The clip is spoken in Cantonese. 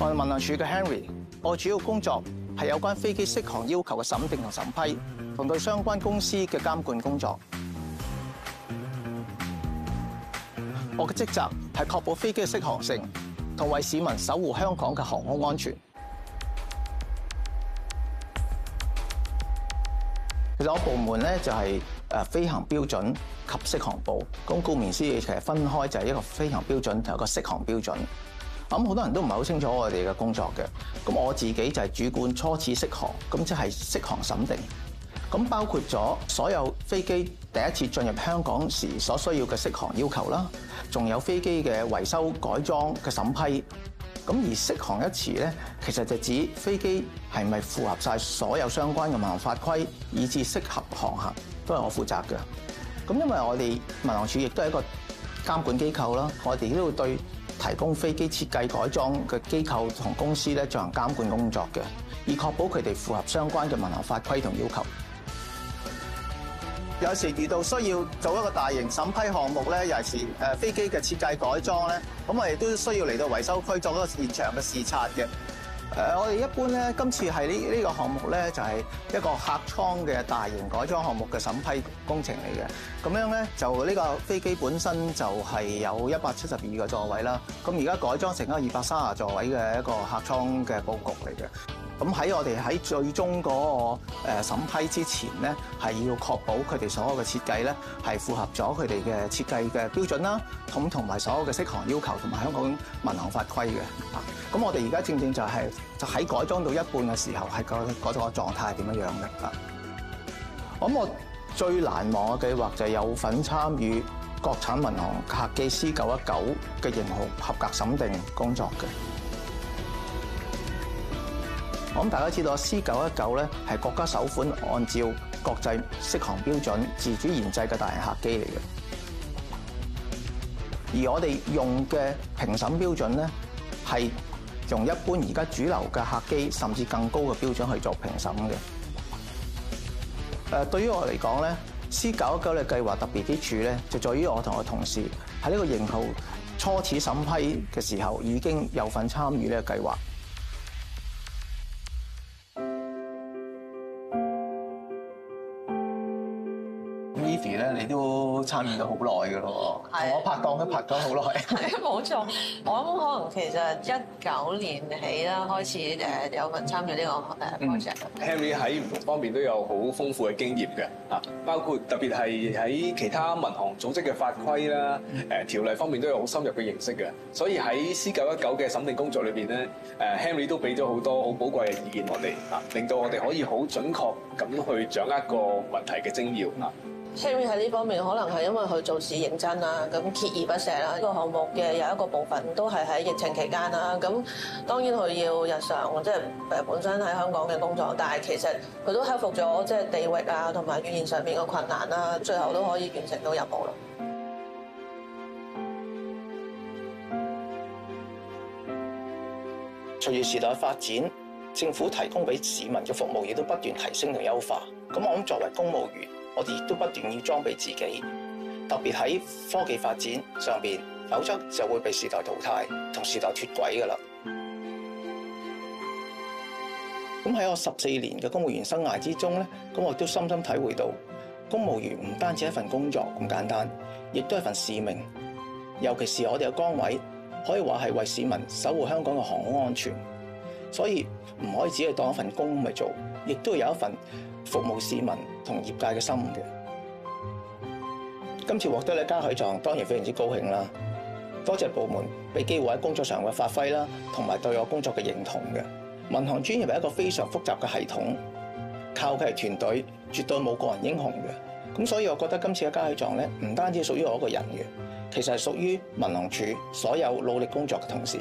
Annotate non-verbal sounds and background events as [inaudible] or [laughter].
問問的 ry，我係民航處嘅 Henry，我主要工作係有關飛機適航要求嘅審定同審批，同對相關公司嘅監管工作。我嘅職責係確保飛機嘅適航性，同為市民守護香港嘅航空安全。其實我部門咧就係飛行標準及適航部，咁顧名思義其實分開就係一個飛行標準同一個適航標準。咁好多人都唔係好清楚我哋嘅工作嘅，咁我自己就係主管初次適航，咁即係適航審定，咁包括咗所有飛機第一次進入香港時所需要嘅適航要求啦，仲有飛機嘅維修改裝嘅審批，咁而適航一詞咧，其實就指飛機係咪符合曬所有相關嘅民航法規，以至適合航行都係我負責嘅。咁因為我哋民航處亦都係一個監管機構啦，我哋都會對。提供飛機設計改裝嘅機構同公司咧，進行監管工作嘅，以確保佢哋符合相關嘅民航法規同要求。有時遇到需要做一個大型審批項目咧，尤其是誒飛機嘅設計改裝咧，咁我哋都需要嚟到維修區做一個現場嘅視察嘅。誒，我哋一般咧，今次係、這個、呢呢個項目咧，就係、是、一個客艙嘅大型改裝項目嘅審批工程嚟嘅。咁樣咧，就呢、這個飛機本身就係有一百七十二個座位啦。咁而家改裝成一個二百三十座位嘅一個客艙嘅佈局嚟嘅。咁喺我哋喺最終嗰個誒審批之前咧，係要確保佢哋所有嘅設計咧係符合咗佢哋嘅設計嘅標準啦，同同埋所有嘅適航要求同埋香港民航法規嘅。啊！咁我哋而家正正就係就喺改裝到一半嘅時候，係個嗰個狀態係點樣嘅？啊！咁我最難忘嘅計劃就係有份參與國產民航客機 C919 嘅型號合格審定工作嘅。我諗大家知道 C919 咧係國家首款按照國際適航標準自主研製嘅大型客機嚟嘅。而我哋用嘅評審標準咧係，用一般而家主流嘅客機甚至更高嘅標準去做評審嘅。誒，對於我嚟講，咧，C 九一九嘅計劃特別之處咧，就在於我同我同事喺呢個型號初始審批嘅時候已經有份參與呢個計劃。咧，你都參與咗好耐㗎咯，的我拍檔都拍咗好耐。係，冇錯， [laughs] 我可能其實一九年起啦，開始誒有份參與呢個誒 project、嗯。Henry 喺唔同方面都有好豐富嘅經驗嘅，啊，包括特別係喺其他民航組織嘅法規啦、誒條例方面都有好深入嘅認識嘅，所以喺 C 九一九嘅審定工作裏邊咧，誒 Henry 都俾咗好多好寶貴嘅意見我哋，啊，令到我哋可以好準確咁去掌握個問題嘅精要。嗯。Henry 喺呢方面可能係因為佢做事認真啦，咁鍥而不捨啦。呢、這個項目嘅有一個部分都係喺疫情期間啦。咁當然佢要日常即係、就是、本身喺香港嘅工作，但係其實佢都克服咗即係地域啊同埋語言上面嘅困難啦，最後都可以完成到任務咯。隨住時代發展，政府提供俾市民嘅服務亦都不斷提升同優化。咁我諗作為公務員，我哋亦都不斷要裝備自己，特別喺科技發展上邊，否則就會被時代淘汰同時代脱軌㗎喇。咁喺我十四年嘅公務員生涯之中咧，咁我都深深體會到，公務員唔單止一份工作咁簡單，亦都係一份使命。尤其是我哋嘅崗位，可以話係為市民守護香港嘅航空安全，所以唔可以只係當一份工嚟做，亦都有一份服務市民同業界嘅心嘅。今次獲得咧嘉許狀，當然非常之高興啦。多謝部門俾機會喺工作上嘅發揮啦，同埋對我工作嘅認同嘅。民航專業係一個非常複雜嘅系統，靠嘅係團隊，絕對冇個人英雄嘅。咁所以我覺得今次嘅嘉許狀咧，唔單止屬於我一個人嘅，其實係屬於民航處所有努力工作嘅同事。